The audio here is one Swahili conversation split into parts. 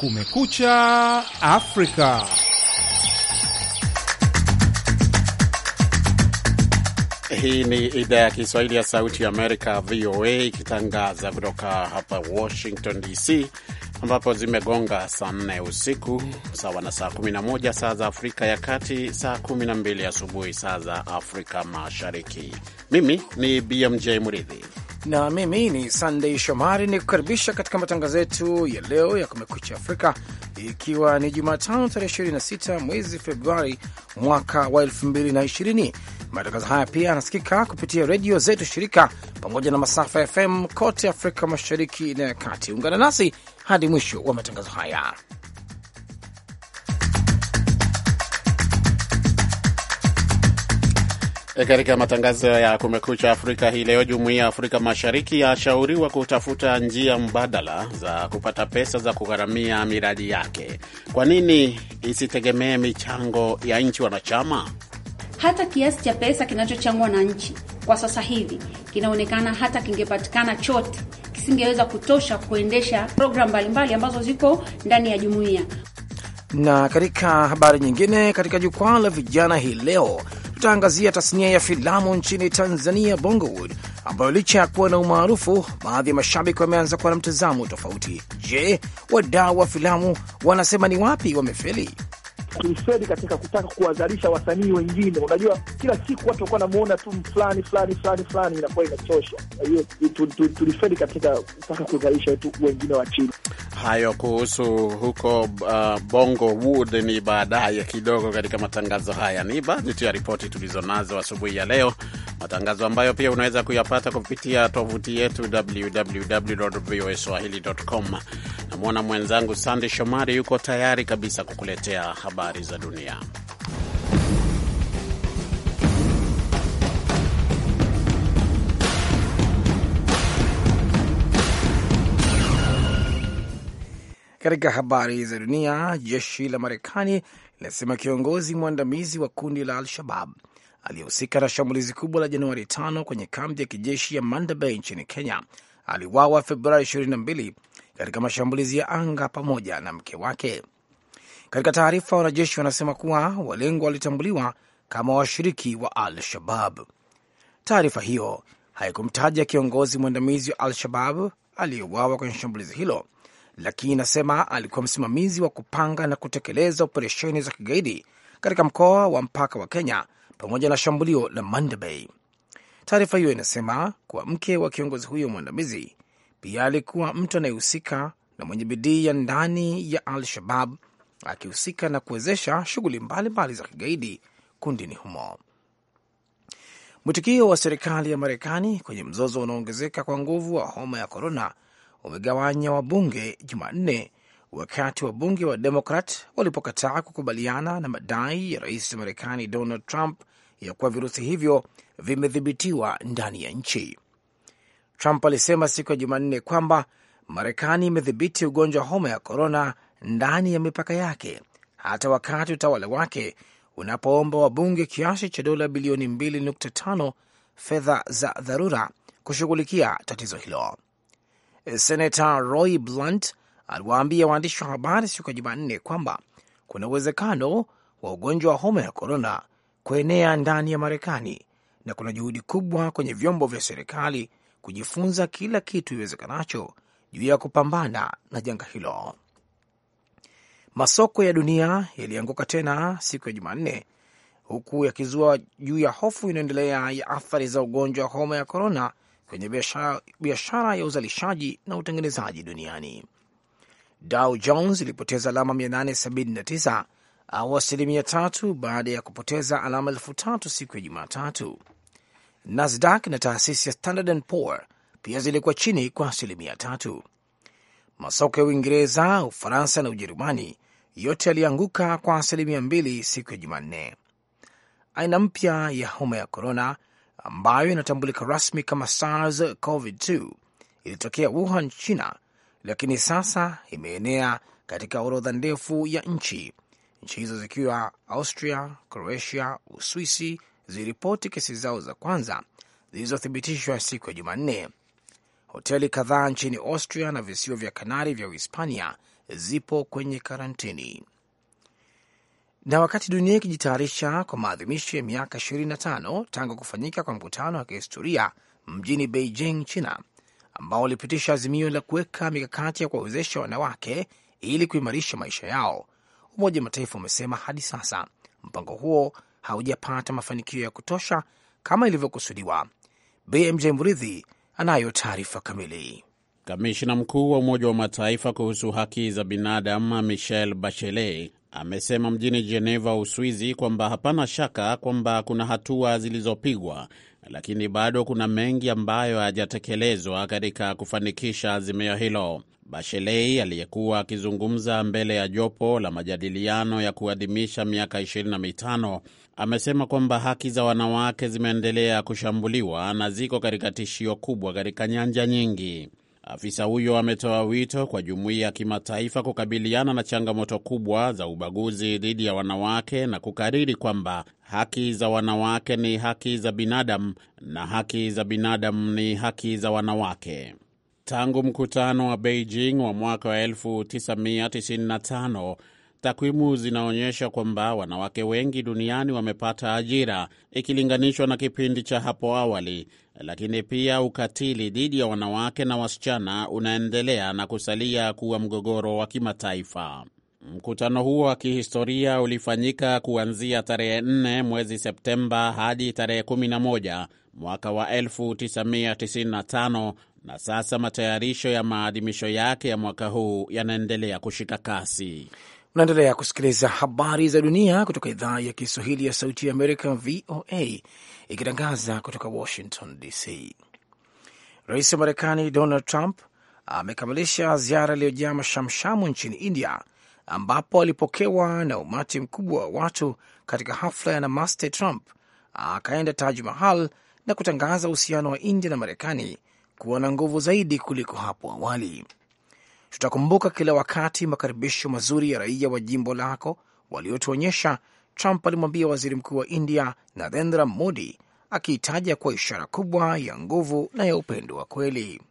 Kumekucha Afrika. Hii ni idhaa ya Kiswahili ya Sauti ya Amerika, VOA, ikitangaza kutoka hapa Washington DC, ambapo zimegonga saa 4 usiku sawa na saa 11 saa za Afrika ya Kati, saa 12 asubuhi saa za Afrika Mashariki. Mimi ni BMJ mridhi na mimi ni sandey Shomari ni kukaribisha katika matangazo yetu ya leo ya Kumekucha Afrika, ikiwa ni Jumatano tarehe 26 mwezi Februari mwaka wa 2020. Matangazo haya pia yanasikika kupitia redio zetu shirika pamoja na masafa ya FM kote Afrika Mashariki na ya Kati. Ungana nasi hadi mwisho wa matangazo haya. E, katika matangazo ya Kumekucha Afrika hii leo, jumuiya ya Afrika Mashariki yashauriwa kutafuta njia mbadala za kupata pesa za kugharamia miradi yake. Kwa nini isitegemee michango ya nchi wanachama? Hata kiasi cha pesa kinachochangwa na nchi kwa sasa hivi kinaonekana, hata kingepatikana chote kisingeweza kutosha kuendesha programu mbalimbali ambazo ziko ndani ya jumuiya. Na katika habari nyingine, katika jukwaa la vijana hii leo tutaangazia tasnia ya filamu nchini Tanzania, Bongowood, ambayo licha ya kuwa na umaarufu, baadhi ya mashabiki wameanza kuwa na mtazamo tofauti. Je, wadau wa filamu wanasema ni wapi wamefeli? tulifeli katika kutaka kuwazalisha wasanii wengine. Unajua, kila siku watu wakuwa namuona tu fulani fulani fulani fulani, inakuwa inachosha. Kwa hiyo tulifeli katika kutaka kuzalisha wetu wengine wa chini. Hayo kuhusu huko uh, Bongo Wood ni baadaye kidogo katika matangazo haya. Ni baadhi tu ya ripoti tulizonazo asubuhi ya leo, matangazo ambayo pia unaweza kuyapata kupitia tovuti yetu www voa Namwona mwenzangu Sande Shomari yuko tayari kabisa kukuletea habari za dunia. Katika habari za dunia, jeshi la Marekani linasema kiongozi mwandamizi wa kundi la Al-Shabab aliyehusika na shambulizi kubwa la Januari tano kwenye kambi ya kijeshi ya Mandabay nchini Kenya aliwawa Februari 22 katika mashambulizi ya anga pamoja na mke wake. Katika taarifa, wanajeshi wanasema kuwa walengwa walitambuliwa kama washiriki wa Al-Shabab. Taarifa hiyo haikumtaja kiongozi mwandamizi wa Al-Shabab aliyeuawa kwenye shambulizi hilo, lakini inasema alikuwa msimamizi wa kupanga na kutekeleza operesheni za kigaidi katika mkoa wa mpaka wa Kenya pamoja na shambulio la Mandabey. Taarifa hiyo inasema kuwa mke wa kiongozi huyo mwandamizi pia alikuwa mtu anayehusika na mwenye bidii ya ndani ya Al-Shabab, akihusika na kuwezesha shughuli mbalimbali za kigaidi kundini humo. Mwitikio wa serikali ya Marekani kwenye mzozo unaoongezeka kwa nguvu wa homa ya korona umegawanya wabunge Jumanne, wakati wabunge wa Demokrat walipokataa kukubaliana na madai ya rais wa Marekani Donald Trump ya kuwa virusi hivyo vimedhibitiwa ndani ya nchi. Trump alisema siku ya Jumanne kwamba Marekani imedhibiti ugonjwa wa homa ya korona ndani ya mipaka yake hata wakati utawala wake unapoomba wabunge kiasi cha dola bilioni 2.5 fedha za dharura kushughulikia tatizo hilo. Senata Roy Blunt aliwaambia waandishi wa habari siku ya Jumanne kwamba kuna uwezekano wa ugonjwa wa homa ya korona kuenea ndani ya Marekani na kuna juhudi kubwa kwenye vyombo vya serikali kujifunza kila kitu iwezekanacho juu ya kupambana na janga hilo. Masoko ya dunia yalianguka tena siku ya Jumanne huku yakizua juu ya hofu inayoendelea ya athari za ugonjwa wa homa ya korona kwenye biashara, ya uzalishaji na utengenezaji duniani. Dow Jones ilipoteza alama 879 au asilimia tatu baada ya kupoteza alama elfu tatu siku ya Jumatatu. Nasdaq na taasisi ya Standard and Poor pia zilikuwa chini kwa asilimia tatu. Masoko ya Uingereza, Ufaransa na Ujerumani yote yalianguka kwa asilimia mbili siku ya Jumanne. Aina mpya ya homa ya korona ambayo inatambulika rasmi kama SARS COVID-2 ilitokea Wuhan, China, lakini sasa imeenea katika orodha ndefu ya nchi, nchi hizo zikiwa Austria, Croatia, Uswisi, ziliripoti kesi zao za kwanza zilizothibitishwa siku ya Jumanne. Hoteli kadhaa nchini Austria na visiwa vya Kanari vya Uhispania zipo kwenye karantini. Na wakati dunia ikijitayarisha kwa maadhimisho ya miaka 25 tangu kufanyika kwa mkutano wa kihistoria mjini Beijing, China, ambao ulipitisha azimio la kuweka mikakati ya kuwawezesha wanawake ili kuimarisha maisha yao, Umoja wa Mataifa umesema hadi sasa mpango huo haujapata mafanikio ya kutosha kama ilivyokusudiwa. BMJ Mridhi anayo taarifa kamili. kamishina mkuu wa Umoja wa Mataifa kuhusu haki za binadamu Michelle Bachelet amesema mjini Geneva, Uswizi, kwamba hapana shaka kwamba kuna hatua zilizopigwa, lakini bado kuna mengi ambayo hayajatekelezwa katika kufanikisha azimio hilo. Bashelei aliyekuwa akizungumza mbele ya jopo la majadiliano ya kuadhimisha miaka 25 amesema kwamba haki za wanawake zimeendelea kushambuliwa na ziko katika tishio kubwa katika nyanja nyingi. Afisa huyo ametoa wito kwa jumuiya ya kimataifa kukabiliana na changamoto kubwa za ubaguzi dhidi ya wanawake na kukariri kwamba haki za wanawake ni haki za binadamu na haki za binadamu ni haki za wanawake. Tangu mkutano wa Beijing wa mwaka wa Takwimu zinaonyesha kwamba wanawake wengi duniani wamepata ajira ikilinganishwa na kipindi cha hapo awali, lakini pia ukatili dhidi ya wanawake na wasichana unaendelea na kusalia kuwa mgogoro wa kimataifa. Mkutano huo wa kihistoria ulifanyika kuanzia tarehe 4 mwezi Septemba hadi tarehe 11 mwaka wa 1995 na sasa matayarisho ya maadhimisho yake ya mwaka huu yanaendelea kushika kasi. Unaendelea kusikiliza habari za dunia kutoka idhaa ya Kiswahili ya Sauti ya Amerika, VOA, ikitangaza kutoka Washington DC. Rais wa Marekani Donald Trump amekamilisha ziara iliyojaa mashamshamu nchini India, ambapo alipokewa na umati mkubwa wa watu katika hafla ya Namaste Trump. Akaenda Taj Mahal na kutangaza uhusiano wa India na Marekani kuwa na nguvu zaidi kuliko hapo awali. Tutakumbuka kila wakati makaribisho mazuri ya raia wa jimbo lako waliotuonyesha, Trump alimwambia waziri mkuu wa India Narendra Modi, akiitaja kwa ishara kubwa ya nguvu na ya upendo wa kweli.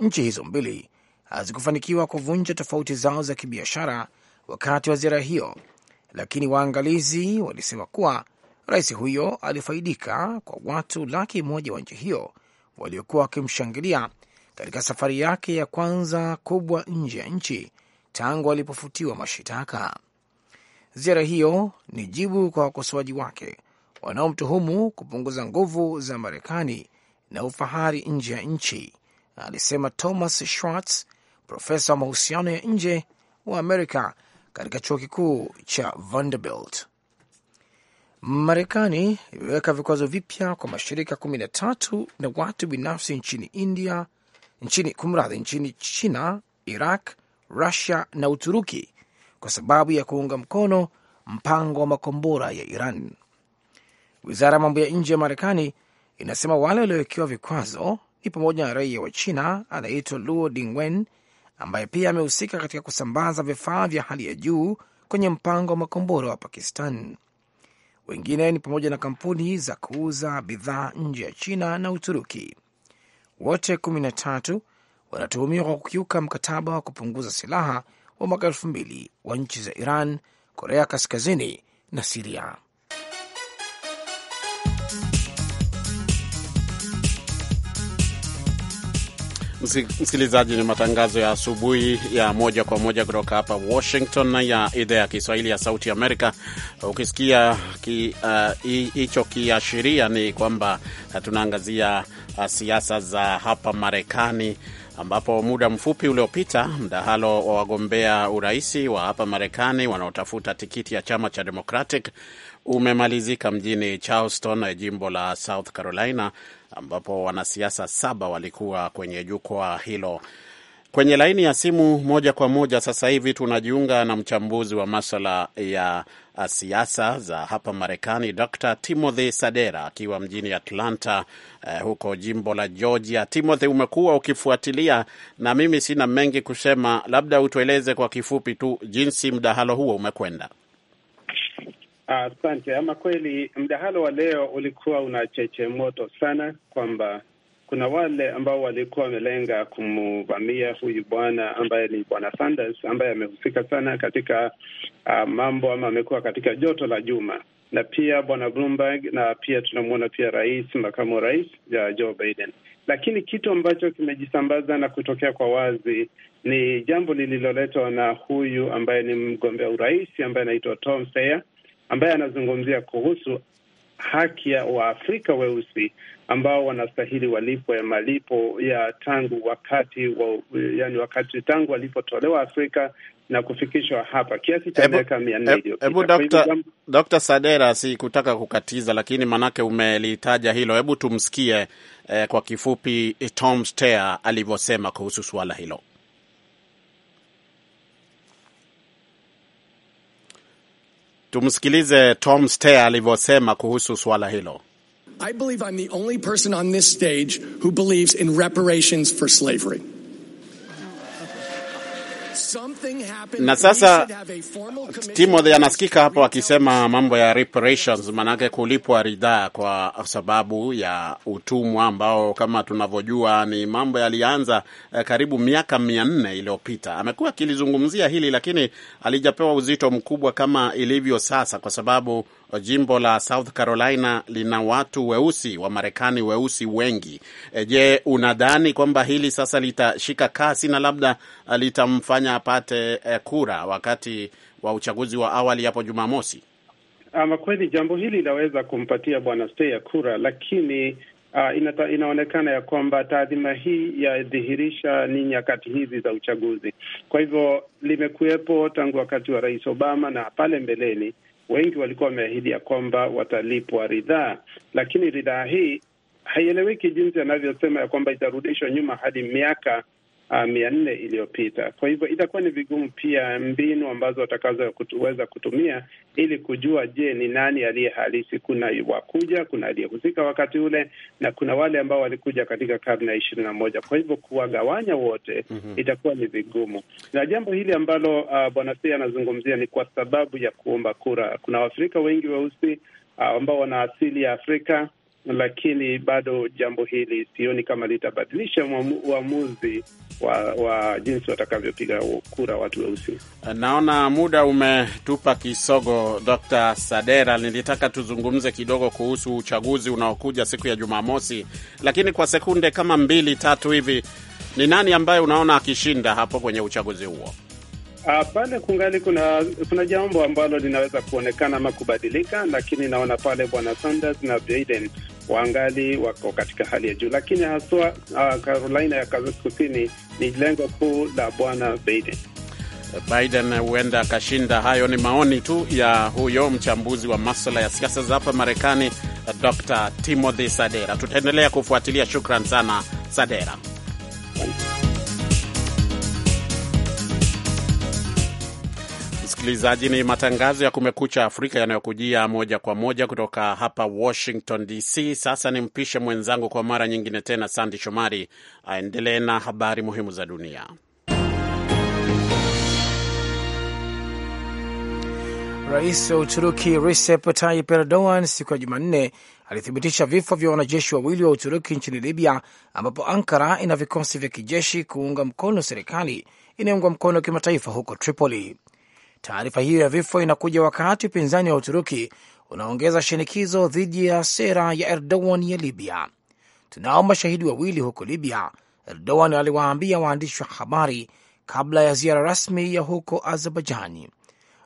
Nchi hizo mbili hazikufanikiwa kuvunja tofauti zao za kibiashara wakati wa ziara hiyo, lakini waangalizi walisema kuwa rais huyo alifaidika kwa watu laki moja wa nchi hiyo waliokuwa wakimshangilia katika safari yake ya kwanza kubwa nje ya nchi tangu alipofutiwa mashitaka. Ziara hiyo ni jibu kwa wakosoaji wake wanaomtuhumu kupunguza nguvu za Marekani na ufahari nje ya nchi, alisema Thomas Schwartz, profesa wa mahusiano ya nje wa Amerika katika chuo kikuu cha Vanderbilt. Marekani imeweka vikwazo vipya kwa mashirika kumi na tatu na watu binafsi nchini India nchini kumradhi, nchini China, Iraq, Rusia na Uturuki kwa sababu ya kuunga mkono mpango wa makombora ya Iran. Wizara ya mambo ya nje ya Marekani inasema wale waliowekewa vikwazo ni pamoja na raia wa China anayeitwa Luo Dingwen ambaye pia amehusika katika kusambaza vifaa vya hali ya juu kwenye mpango wa makombora wa Pakistan. Wengine ni pamoja na kampuni za kuuza bidhaa nje ya China na Uturuki wote 13 wanatuhumiwa kwa kukiuka mkataba wa kupunguza silaha wa mwaka elfu mbili wa nchi za Iran, Korea Kaskazini na Siria. Msikilizaji, ni matangazo ya asubuhi ya moja kwa moja kutoka hapa Washington ya idhaa ya Kiswahili ya Sauti Amerika. Ukisikia hicho ki, uh, kiashiria ni kwamba uh, tunaangazia uh, siasa za hapa Marekani ambapo muda mfupi uliopita mdahalo wa wagombea urahisi wa hapa Marekani wanaotafuta tikiti ya chama cha Democratic umemalizika mjini Charleston, jimbo la South Carolina, ambapo wanasiasa saba walikuwa kwenye jukwaa hilo. Kwenye laini ya simu moja kwa moja sasa hivi tunajiunga na mchambuzi wa maswala ya siasa za hapa Marekani, Dr Timothy Sadera akiwa mjini Atlanta, eh, huko jimbo la Georgia. Timothy, umekuwa ukifuatilia na mimi sina mengi kusema, labda utueleze kwa kifupi tu jinsi mdahalo huo umekwenda. Asante. Ama kweli mdahalo wa leo ulikuwa una cheche moto sana, kwamba kuna wale ambao walikuwa wamelenga kumvamia huyu bwana ambaye ni bwana Sanders, ambaye amehusika sana katika uh, mambo ama amekuwa katika joto la juma, na pia bwana Bloomberg, na pia tunamwona pia rais, makamu wa rais ya Joe Biden. Lakini kitu ambacho kimejisambaza na kutokea kwa wazi ni jambo lililoletwa na huyu ambaye ni mgombea urais ambaye anaitwa Tom Steyer ambaye anazungumzia kuhusu haki ya Waafrika weusi ambao wanastahili walipo ya malipo ya tangu wakati wa, yani wakati tangu walipotolewa Afrika na kufikishwa hapa kiasi cha miaka mia nne iliyopita. Dr. Sadera, kutaka kukatiza, lakini manake umelitaja hilo. Hebu tumsikie eh, kwa kifupi Tom Steyer alivyosema kuhusu suala hilo. Tumsikilize Tom Steyer alivyosema kuhusu suala hilo. I believe I'm the only person on this stage who believes in reparations for slavery. Na sasa Timothy anasikika hapo akisema mambo ya reparations, manake kulipwa ridhaa kwa sababu ya utumwa ambao kama tunavyojua ni mambo yalianza eh, karibu miaka mia nne iliyopita. Amekuwa akilizungumzia hili, lakini alijapewa uzito mkubwa kama ilivyo sasa, kwa sababu jimbo la South Carolina lina watu weusi wa Marekani weusi wengi. E, je, unadhani kwamba hili sasa litashika kasi na labda e, litamfanya apate e, kura wakati wa uchaguzi wa awali hapo Jumamosi? Ama kweli jambo hili linaweza kumpatia bwana ya kura, lakini Uh, inata, inaonekana ya kwamba taadhima hii yadhihirisha ni nyakati hizi za uchaguzi. Kwa hivyo limekuwepo tangu wakati wa Rais Obama na pale mbeleni, wengi walikuwa wameahidi ya kwamba watalipwa ridhaa, lakini ridhaa hii haieleweki jinsi anavyosema ya kwamba itarudishwa nyuma hadi miaka Uh, mia nne iliyopita. Kwa hivyo itakuwa ni vigumu pia, mbinu ambazo watakazoweza kutumia ili kujua, je, ni nani aliye halisi. Kuna wakuja, kuna aliyehusika wakati ule na kuna wale ambao walikuja katika karne ya ishirini na moja. Kwa hivyo kuwagawanya wote mm -hmm. itakuwa ni vigumu, na jambo hili ambalo uh, bwana Sey anazungumzia ni kwa sababu ya kuomba kura. Kuna Waafrika wengi weusi uh, ambao wana asili ya Afrika lakini bado jambo hili sioni kama litabadilisha uamuzi wa, wa jinsi watakavyopiga kura watu weusi. Naona muda umetupa kisogo, Dr. Sadera. Nilitaka tuzungumze kidogo kuhusu uchaguzi unaokuja siku ya Jumamosi, lakini kwa sekunde kama mbili tatu hivi, ni nani ambaye unaona akishinda hapo kwenye uchaguzi huo? Uh, pale kungali kuna kuna jambo ambalo linaweza kuonekana ama kubadilika, lakini naona pale bwana Sanders na Biden wangali wako katika hali ya juu, lakini haswa uh, Carolina ya Kusini ni lengo kuu la bwana Biden. Biden huenda akashinda. Hayo ni maoni tu ya huyo mchambuzi wa maswala ya siasa za hapa Marekani, Dr Timothy Sadera. Tutaendelea kufuatilia. Shukran sana Sadera. msikilizaji, ni matangazo ya Kumekucha Afrika yanayokujia moja kwa moja kutoka hapa Washington DC. Sasa ni mpishe mwenzangu kwa mara nyingine tena, Sandi Shomari, aendelee na habari muhimu za dunia. Rais wa Uturuki Recep tayip Erdogan siku ya Jumanne alithibitisha vifo vya wanajeshi wawili wa Uturuki nchini Libya, ambapo Ankara ina vikosi vya kijeshi kuunga mkono serikali inayoungwa mkono kimataifa huko Tripoli. Taarifa hiyo ya vifo inakuja wakati upinzani wa Uturuki unaongeza shinikizo dhidi ya sera ya Erdogan ya Libya. Tunao mashahidi wawili huko Libya, Erdogan aliwaambia waandishi wa habari kabla ya ziara rasmi ya huko Azerbaijani.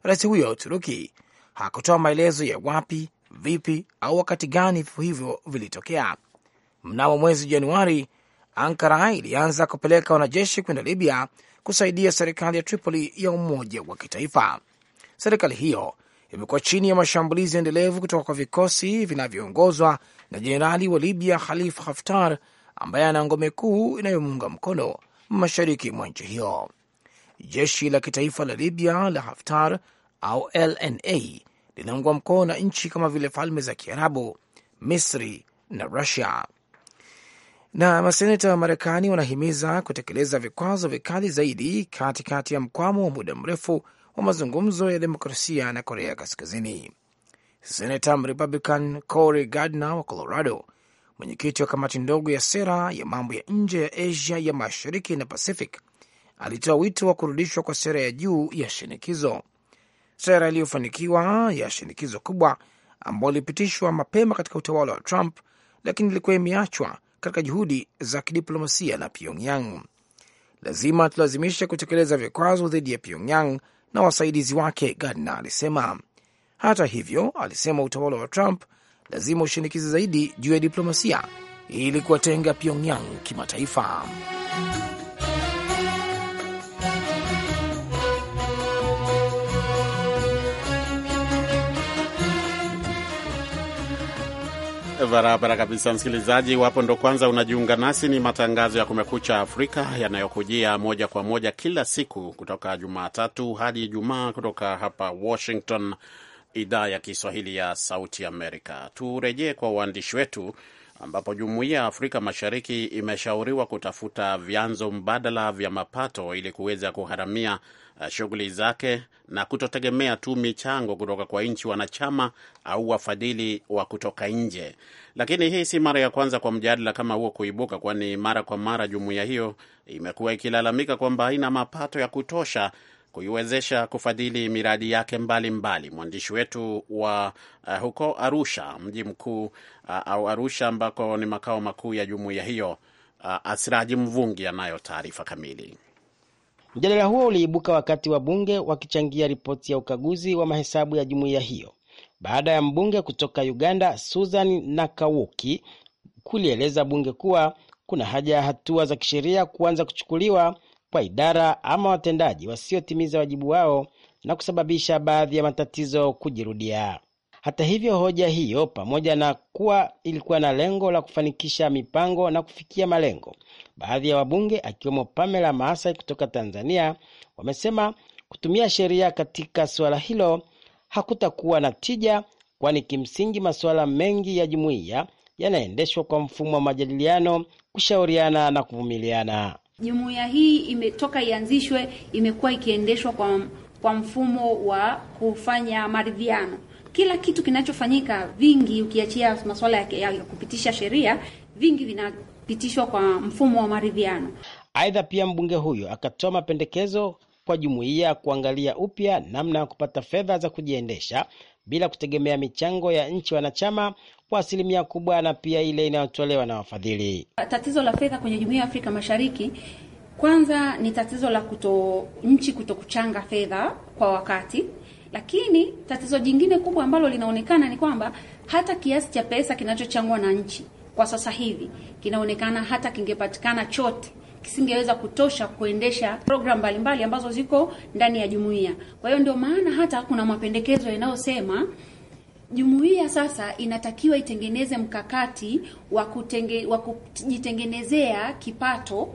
Rais huyo wa Uturuki hakutoa maelezo ya wapi, vipi au wakati gani vifo hivyo vilitokea. Mnamo mwezi Januari, Ankara ilianza kupeleka wanajeshi kwenda Libya kusaidia serikali ya Tripoli ya umoja wa kitaifa. Serikali hiyo imekuwa chini ya mashambulizi endelevu kutoka kwa vikosi vinavyoongozwa na jenerali wa Libya Khalif Haftar ambaye ana ngome kuu inayomuunga mkono mashariki mwa nchi hiyo. Jeshi la kitaifa la Libya la Haftar au LNA linaungwa mkono na nchi kama vile Falme za Kiarabu, Misri na Rusia. Na maseneta wa Marekani wanahimiza kutekeleza vikwazo vikali zaidi katikati kati ya mkwamo wa muda mrefu wa mazungumzo ya demokrasia na Korea Kaskazini. Senata Mrepublican Cory Gardner wa Colorado, mwenyekiti wa kamati ndogo ya sera ya mambo ya nje ya Asia ya mashariki na Pacific, alitoa wito wa kurudishwa kwa sera ya juu ya shinikizo. Sera iliyofanikiwa ya shinikizo kubwa ambayo ilipitishwa mapema katika utawala wa Trump, lakini ilikuwa imeachwa katika juhudi za kidiplomasia na Pyongyang. Lazima tulazimisha kutekeleza vikwazo dhidi ya Pyongyang na wasaidizi wake, Gardner alisema. Hata hivyo, alisema utawala wa Trump lazima ushinikize zaidi juu ya diplomasia ili kuwatenga Pyongyang kimataifa. Barabara kabisa, msikilizaji. Iwapo ndo kwanza unajiunga nasi, ni matangazo ya Kumekucha Afrika yanayokujia moja kwa moja kila siku kutoka Jumatatu hadi Ijumaa kutoka hapa Washington, idhaa ya Kiswahili ya Sauti Amerika. Turejee kwa uandishi wetu ambapo jumuiya ya Afrika Mashariki imeshauriwa kutafuta vyanzo mbadala vya mapato ili kuweza kuharamia uh, shughuli zake na kutotegemea tu michango kutoka kwa nchi wanachama au wafadhili wa kutoka nje. Lakini hii si mara ya kwanza kwa mjadala kama huo kuibuka, kwani mara kwa mara jumuiya hiyo imekuwa ikilalamika kwamba haina mapato ya kutosha kuiwezesha kufadhili miradi yake mbalimbali. Mwandishi wetu wa uh, huko Arusha, mji mkuu uh, au Arusha ambako ni makao makuu ya jumuiya hiyo, uh, Asiraji Mvungi anayo taarifa kamili. Mjadala huo uliibuka wakati wa bunge wakichangia ripoti ya ukaguzi wa mahesabu ya jumuiya hiyo baada ya mbunge kutoka Uganda Susan Nakawuki kulieleza bunge kuwa kuna haja ya hatua za kisheria kuanza kuchukuliwa kwa idara ama watendaji wasiotimiza wajibu wao na kusababisha baadhi ya matatizo kujirudia. Hata hivyo, hoja hiyo pamoja na kuwa ilikuwa na lengo la kufanikisha mipango na kufikia malengo, baadhi ya wabunge akiwemo Pamela Maasai kutoka Tanzania wamesema kutumia sheria katika suala hilo hakutakuwa na tija, kwani kimsingi masuala mengi ya jumuiya yanaendeshwa kwa mfumo wa majadiliano, kushauriana na kuvumiliana. Jumuiya hii imetoka ianzishwe, imekuwa ikiendeshwa kwa, kwa mfumo wa kufanya maridhiano. Kila kitu kinachofanyika vingi, ukiachia masuala ya, ya kupitisha sheria, vingi vinapitishwa kwa mfumo wa maridhiano. Aidha, pia mbunge huyo akatoa mapendekezo kwa jumuiya kuangalia upya namna ya kupata fedha za kujiendesha bila kutegemea michango ya nchi wanachama kwa asilimia kubwa na pia ile inayotolewa na wafadhili. Tatizo la fedha kwenye Jumuiya ya Afrika Mashariki kwanza ni tatizo la kuto, nchi kuto kuchanga fedha kwa wakati, lakini tatizo jingine kubwa ambalo linaonekana ni kwamba hata kiasi cha pesa kinachochangwa na nchi kwa sasa hivi kinaonekana hata kingepatikana chote kisingeweza kutosha kuendesha programu mbalimbali ambazo ziko ndani ya jumuiya. Kwa hiyo ndio maana hata kuna mapendekezo yanayosema Jumuiya sasa inatakiwa itengeneze mkakati wa kutenge, wa kujitengenezea kipato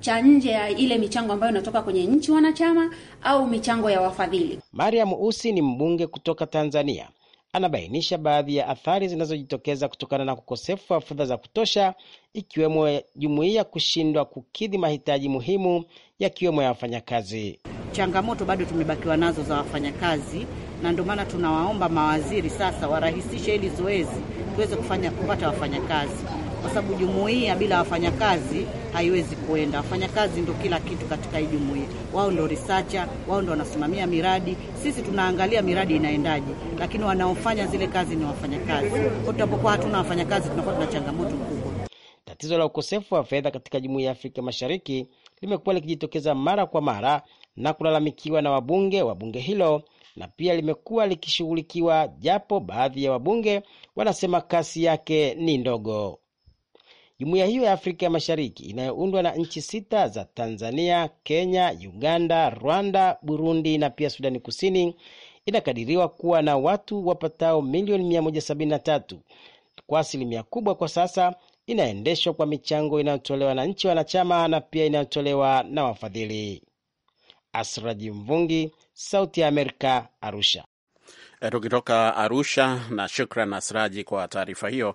cha nje ya ile michango ambayo inatoka kwenye nchi wanachama au michango ya wafadhili. Mariam Usi ni mbunge kutoka Tanzania, anabainisha baadhi ya athari zinazojitokeza kutokana na kukosefu wa fedha za kutosha, ikiwemo jumuiya kushindwa kukidhi mahitaji muhimu yakiwemo ya wafanyakazi. Changamoto bado tumebakiwa nazo za wafanyakazi na ndio maana tunawaomba mawaziri sasa warahisishe hili zoezi tuweze kufanya kupata wafanyakazi, kwa sababu jumuiya bila wafanyakazi haiwezi kuenda. Wafanyakazi ndio kila kitu katika hii jumuiya, wao ndio researcher, wao ndio wanasimamia miradi. Sisi tunaangalia miradi inaendaje, lakini wanaofanya zile kazi ni wafanyakazi. Kwa tunapokuwa hatuna wafanyakazi, tunakuwa tuna changamoto kubwa. Tatizo la ukosefu wa fedha katika jumuiya ya Afrika Mashariki limekuwa likijitokeza mara kwa mara na kulalamikiwa na wabunge wa bunge hilo na pia limekuwa likishughulikiwa japo baadhi ya wabunge wanasema kasi yake ni ndogo. Jumuiya hiyo ya Afrika ya Mashariki inayoundwa na nchi sita za Tanzania, Kenya, Uganda, Rwanda, Burundi na pia Sudani Kusini inakadiriwa kuwa na watu wapatao milioni 173. Kwa asilimia kubwa kwa sasa inaendeshwa kwa michango inayotolewa na nchi wanachama na pia inayotolewa na wafadhili. Asraji Mvungi, Sauti ya Amerika, Arusha. E, tukitoka Arusha, na shukran Asraji kwa taarifa hiyo.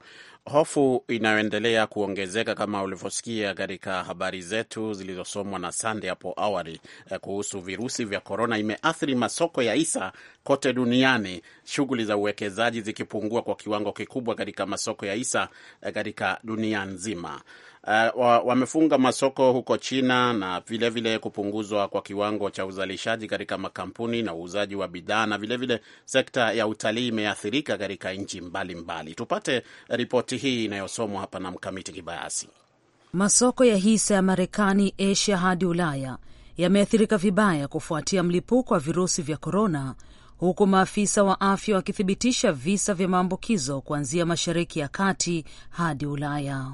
Hofu inayoendelea kuongezeka kama ulivyosikia katika habari zetu zilizosomwa na Sande hapo awali e, kuhusu virusi vya korona imeathiri masoko ya hisa kote duniani, shughuli za uwekezaji zikipungua kwa kiwango kikubwa katika masoko ya hisa e, katika dunia nzima uh, wamefunga masoko huko China na vilevile vile kupunguzwa kwa kiwango cha uzalishaji katika makampuni na uuzaji wa bidhaa na vilevile vile sekta ya utalii imeathirika katika nchi mbalimbali. Tupate ripoti hii inayosomwa hapa na Mkamiti Kibayasi. Masoko ya hisa ya Marekani, Asia hadi Ulaya yameathirika vibaya kufuatia mlipuko wa virusi vya korona huku maafisa wa afya wakithibitisha visa vya maambukizo kuanzia Mashariki ya Kati hadi Ulaya.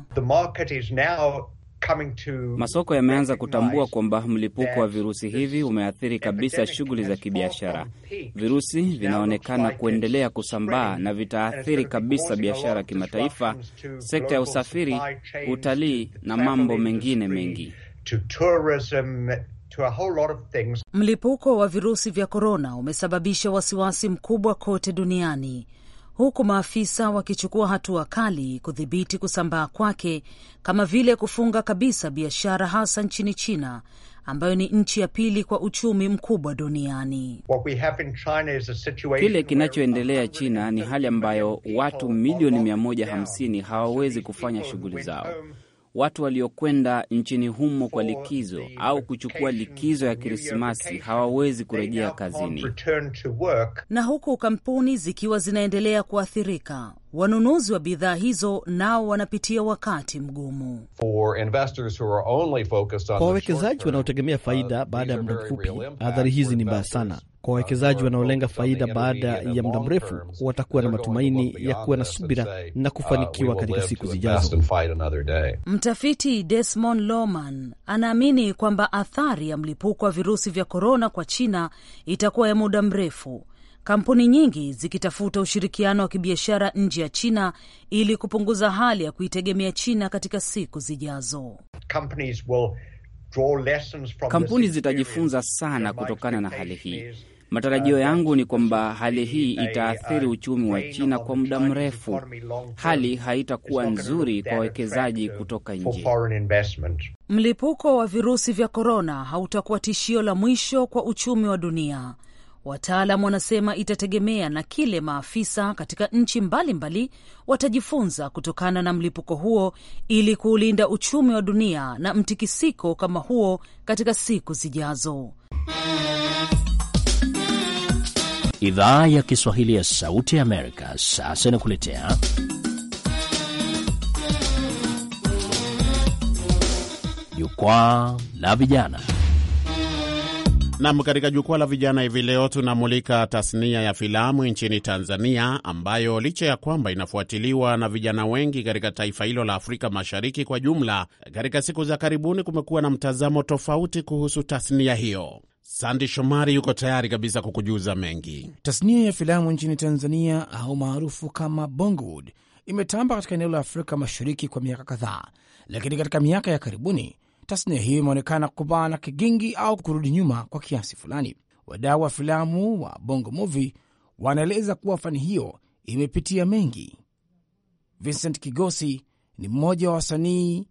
Masoko yameanza kutambua kwamba mlipuko wa virusi hivi umeathiri kabisa shughuli za kibiashara. Virusi vinaonekana kuendelea kusambaa na vitaathiri kabisa biashara kimataifa, sekta ya usafiri, utalii na mambo mengine mengi. To a whole lot of things. Mlipuko wa virusi vya korona umesababisha wasiwasi mkubwa kote duniani huku maafisa wakichukua hatua kali kudhibiti kusambaa kwake kama vile kufunga kabisa biashara hasa nchini China ambayo ni nchi ya pili kwa uchumi mkubwa duniani. Kile kinachoendelea China ni hali ambayo watu milioni 150 hawawezi kufanya shughuli zao watu waliokwenda nchini humo kwa likizo au kuchukua likizo ya Krismasi hawawezi kurejea kazini. Na huku kampuni zikiwa zinaendelea kuathirika, wanunuzi wa bidhaa hizo nao wanapitia wakati mgumu. Kwa wawekezaji wanaotegemea faida uh, baada ya muda mfupi, athari hizi ni mbaya sana. Kwa wawekezaji wanaolenga faida baada ya muda mrefu, watakuwa na matumaini ya kuwa na subira na kufanikiwa katika siku zijazo. Mtafiti Desmond Loman anaamini kwamba athari ya mlipuko wa virusi vya korona kwa China itakuwa ya muda mrefu, kampuni nyingi zikitafuta ushirikiano wa kibiashara nje ya China ili kupunguza hali ya kuitegemea China katika siku zijazo. Kampuni zitajifunza sana kutokana na hali hii Matarajio yangu ni kwamba hali hii itaathiri uchumi wa China kwa muda mrefu. Hali haitakuwa nzuri kwa wawekezaji kutoka nje. Mlipuko wa virusi vya korona hautakuwa tishio la mwisho kwa uchumi wa dunia. Wataalam wanasema itategemea na kile maafisa katika nchi mbalimbali watajifunza kutokana na mlipuko huo ili kuulinda uchumi wa dunia na mtikisiko kama huo katika siku zijazo. Idhaa ya Kiswahili ya Sauti ya Amerika sasa inakuletea Jukwaa la Vijana. Nam, katika jukwaa la vijana hivi leo tunamulika tasnia ya filamu nchini Tanzania, ambayo licha ya kwamba inafuatiliwa na vijana wengi katika taifa hilo la Afrika Mashariki kwa jumla, katika siku za karibuni kumekuwa na mtazamo tofauti kuhusu tasnia hiyo. Sandi Shomari yuko tayari kabisa kukujuza mengi. Tasnia ya filamu nchini Tanzania au maarufu kama bongwood imetamba katika eneo la Afrika Mashariki kwa miaka kadhaa, lakini katika miaka ya karibuni tasnia hiyo imeonekana kupaa na kigingi au kurudi nyuma kwa kiasi fulani. Wadau wa filamu wa Bongo Movie wanaeleza kuwa fani hiyo imepitia mengi. Vincent Kigosi ni mmoja wa wasanii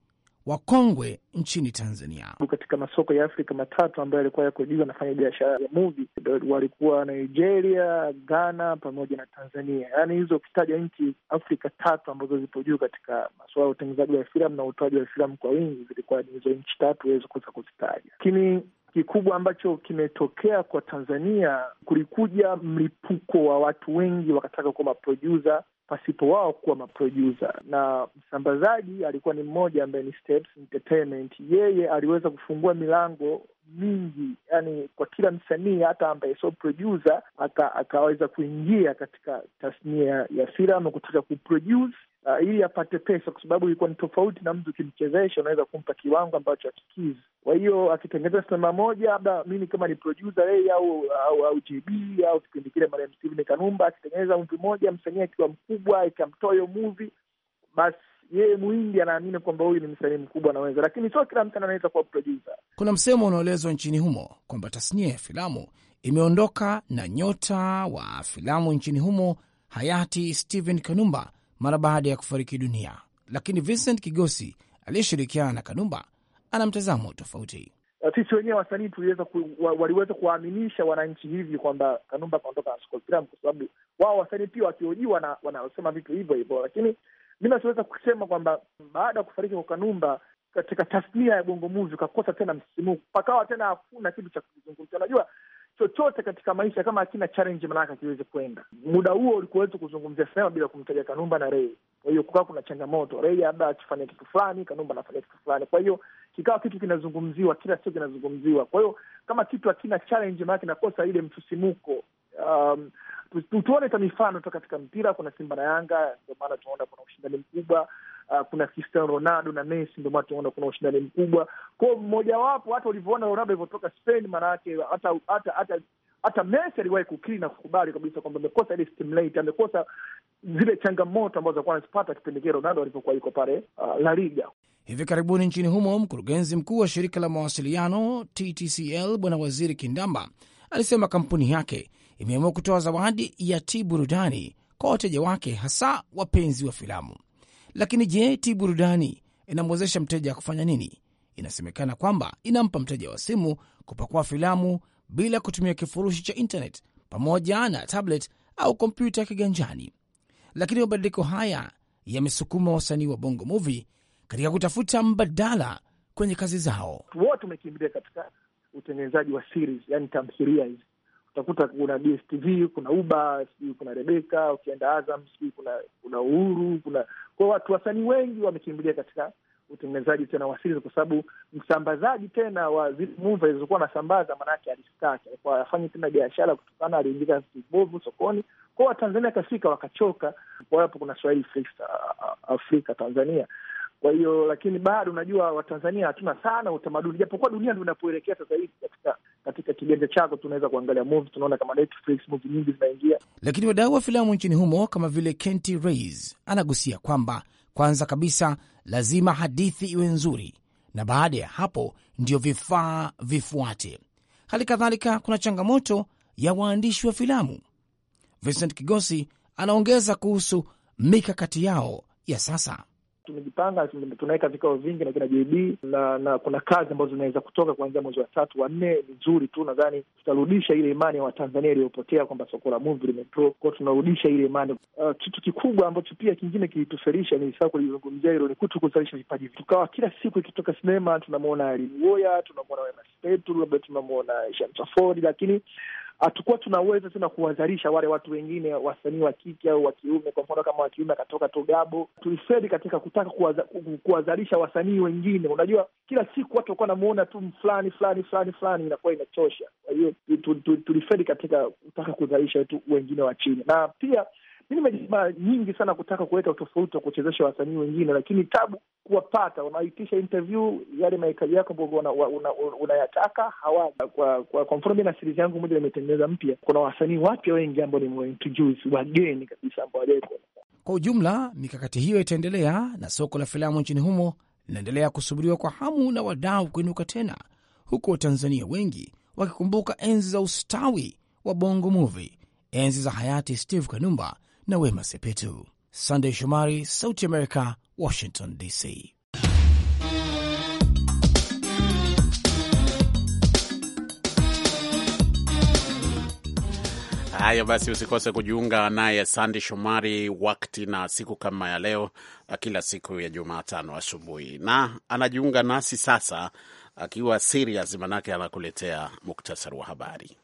wakongwe nchini Tanzania. Katika masoko ya Afrika matatu ambayo yalikuwa yako juu anafanya biashara ya muvi, walikuwa Nigeria, Ghana pamoja na Tanzania. Yaani hizo ukitaja nchi Afrika tatu ambazo zipo juu katika masuala ya utengenezaji wa filamu na utoaji wa filamu kwa wingi, zilikuwa ni hizo nchi tatu huwezi kuweza kuzitaja, lakini kikubwa ambacho kimetokea kwa Tanzania, kulikuja mlipuko wa watu wengi wakataka kuwa maprodusa pasipo wao kuwa maprodusa na msambazaji alikuwa ni mmoja ambaye ni Steps Entertainment. Yeye aliweza kufungua milango mingi, yani kwa kila msanii hata ambaye sio produsa akaweza kuingia katika tasnia ya filamu kutoka kuproduce uh, ili apate pesa, kwa sababu ilikuwa ni tofauti na mtu ukimchezesha, unaweza kumpa kiwango ambacho akikizi. Kwa hiyo akitengeneza sinema moja, labda mimi kama ni produsa yeye au au, au JB au kipindi kile marehemu Steven Kanumba akitengeneza mvi moja, msanii akiwa mkubwa, ikamtoa hiyo movie, basi yeye mwingi anaamini kwamba huyu ni msanii mkubwa, anaweza. Lakini sio kila mtu anaweza kuwa producer. Kuna msemo unaoelezwa nchini humo kwamba tasnia ya filamu imeondoka na nyota wa filamu nchini humo hayati Steven Kanumba mara baada ya kufariki dunia, lakini Vincent Kigosi aliyeshirikiana na Kanumba ana mtazamo tofauti. Uh, sisi wenyewe wasanii tuliweza waliweza kuwaaminisha wananchi hivi kwamba Kanumba kaondoka na kwa sababu wao wasanii pia wakihojiwa wanasema vitu hivyo hivyo, lakini mi nasiweza kusema kwamba baada ya kufariki kwa Kanumba katika tasnia ya bongo muvi ukakosa tena msisimko, pakawa tena hakuna kitu cha kuzungumza. Unajua, chochote katika maisha kama akina challenge, manake akiwezi kwenda. Muda huo ulikuwezi kuzungumzia sinema bila kumtaja Kanumba na Rei. Kwa hiyo kukawa kuna changamoto, Rei labda akifanya kitu fulani, Kanumba anafanya kitu fulani, kwa hiyo kikawa kitu kinazungumziwa kila siku, kinazungumziwa. Kwa hiyo kama kitu akina challenge, manake inakosa ile msisimuko. Um, tuone ta mifano tu katika mpira, kuna Simba na Yanga, ndio maana tunaona kuna ushindani mkubwa uh, kuna Cristiano Ronaldo na Messi, ndio maana tunaona kuna ushindani mkubwa kwao. Mmojawapo hata ulivyoona Ronaldo alivyotoka Spain, maana yake hata hata hata hata Messi aliwahi kukiri na kukubali kabisa kwamba amekosa ile stimulate, amekosa zile changamoto ambazo alikuwa anazipata kipindi kile Ronaldo alivyokuwa yuko pale uh, La Liga. Hivi karibuni nchini humo, mkurugenzi mkuu wa shirika la mawasiliano TTCL Bwana Waziri Kindamba alisema kampuni yake imeamua kutoa zawadi ya t burudani kwa wateja wake, hasa wapenzi wa filamu. Lakini je, ti burudani inamwezesha mteja kufanya nini? Inasemekana kwamba inampa mteja wa simu kupakua filamu bila kutumia kifurushi cha internet pamoja na tablet au kompyuta ya kiganjani. Lakini mabadiliko haya yamesukuma wasanii wa bongo movie katika kutafuta mbadala kwenye kazi zao. Wote umekimbilia katika utengenezaji wa series, yani tamthilia hizi. Utakuta kuna DSTV, kuna Uba, sijui kuna Rebeka, ukienda Azam sijui kuna kuna Uhuru, kuna kwa watu wasanii wengi wamekimbilia katika utengenezaji tena wa series, kwa sababu msambazaji tena wa zile movie alizokuwa anasambaza maanake alistaki, alikuwa afanye tena biashara kutokana, aliingiza vitu sokoni kwao. Watanzania kafika wakachoka, wapo kuna Swahili Afrika Tanzania kwa hiyo lakini bado unajua, Watanzania hatuna sana utamaduni, japokuwa dunia ndio inapoelekea sasa hivi. Katika katika kiganja chako tunaweza kuangalia movie, tunaona kama Netflix movie nyingi zinaingia, lakini wadau wa filamu nchini humo kama vile kenty Rays anagusia kwamba kwanza kabisa lazima hadithi iwe nzuri, na baada ya hapo ndio vifaa vifuate. Hali kadhalika kuna changamoto ya waandishi wa filamu. Vincent Kigosi anaongeza kuhusu mikakati yao ya sasa tumejipanga, tunaweka vikao vingi na kina JB na, na kuna kazi ambazo zinaweza kutoka kuanzia mwezi wa tatu wa nne. Ni nzuri tu, nadhani tutarudisha ile imani ya Watanzania iliyopotea kwamba soko la muvi limegrow kwao, tunarudisha ile imani. Uh, kitu kikubwa ambacho pia kingine kilituferisha nilisahau kulizungumzia hilo ni kutu kuzalisha vipaji tukawa kila siku ikitoka sinema tunamwona Alimuoya, tunamwona Wema Sepetu, labda tunamwona Shamtafodi, lakini hatukuwa tunaweza tena kuwazarisha wale watu wengine, wasanii wa kike au wa kiume. Kwa mfano kama wa kiume akatoka Togabo, tulifeli katika kutaka kuwazarisha wasanii wengine. Unajua, kila siku watu walikuwa namuona tu fulani fulani fulani fulani, inakuwa inachosha. Kwa hiyo tulifeli katika kutaka kuzarisha watu wengine wa chini, na pia nimejaribu nyingi sana kutaka kuleta utofauti wa kuchezesha wasanii wengine, lakini tabu kuwapata. Wanaitisha interview, yale mahitaji yako ambao unayataka hawaji. Kwa kwa, kwa mfano mi na series yangu moja nimetengeneza mpya, kuna wasanii wapya wengi ambao nimeintroduce wageni kabisa ambao wajai Kwa ujumla, mikakati hiyo itaendelea na soko la filamu nchini humo linaendelea kusubiriwa kwa hamu na wadau kuinuka tena, huku Watanzania wengi wakikumbuka enzi za ustawi wa Bongo Movie, enzi za hayati Steve Kanumba na Wema Sepetu. Sandey Shomari, Sauti America, Washington DC. Haya basi, usikose kujiunga naye Sandi Shomari wakti na siku kama ya leo, uh, kila siku ya Jumatano asubuhi, na anajiunga nasi sasa akiwa serious, manake anakuletea muktasari wa habari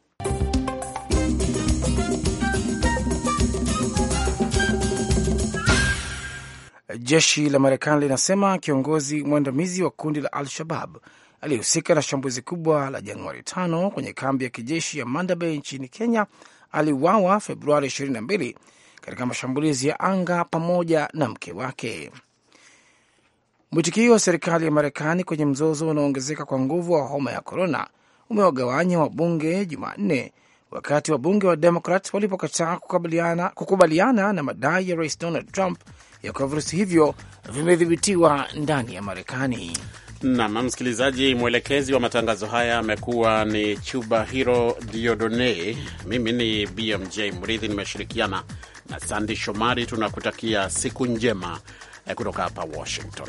Jeshi la Marekani linasema kiongozi mwandamizi wa kundi la Al-Shabab aliyehusika na shambulizi kubwa la Januari tano kwenye kambi ya kijeshi ya Mandabey nchini Kenya aliuawa Februari 22 katika mashambulizi ya anga pamoja na mke wake. Mwitikio wa serikali ya Marekani kwenye mzozo unaoongezeka kwa nguvu wa homa ya korona umewagawanya wabunge Jumanne, wakati wabunge wa Demokrat walipokataa kukubaliana na madai ya Rais Donald Trump ya kuwa virusi hivyo vimedhibitiwa ndani ya Marekani. Nam msikilizaji, mwelekezi wa matangazo haya amekuwa ni Chuba Hiro Diodone. Mimi ni BMJ Mridhi, nimeshirikiana na Sandi Shomari. Tunakutakia siku njema eh, kutoka hapa Washington.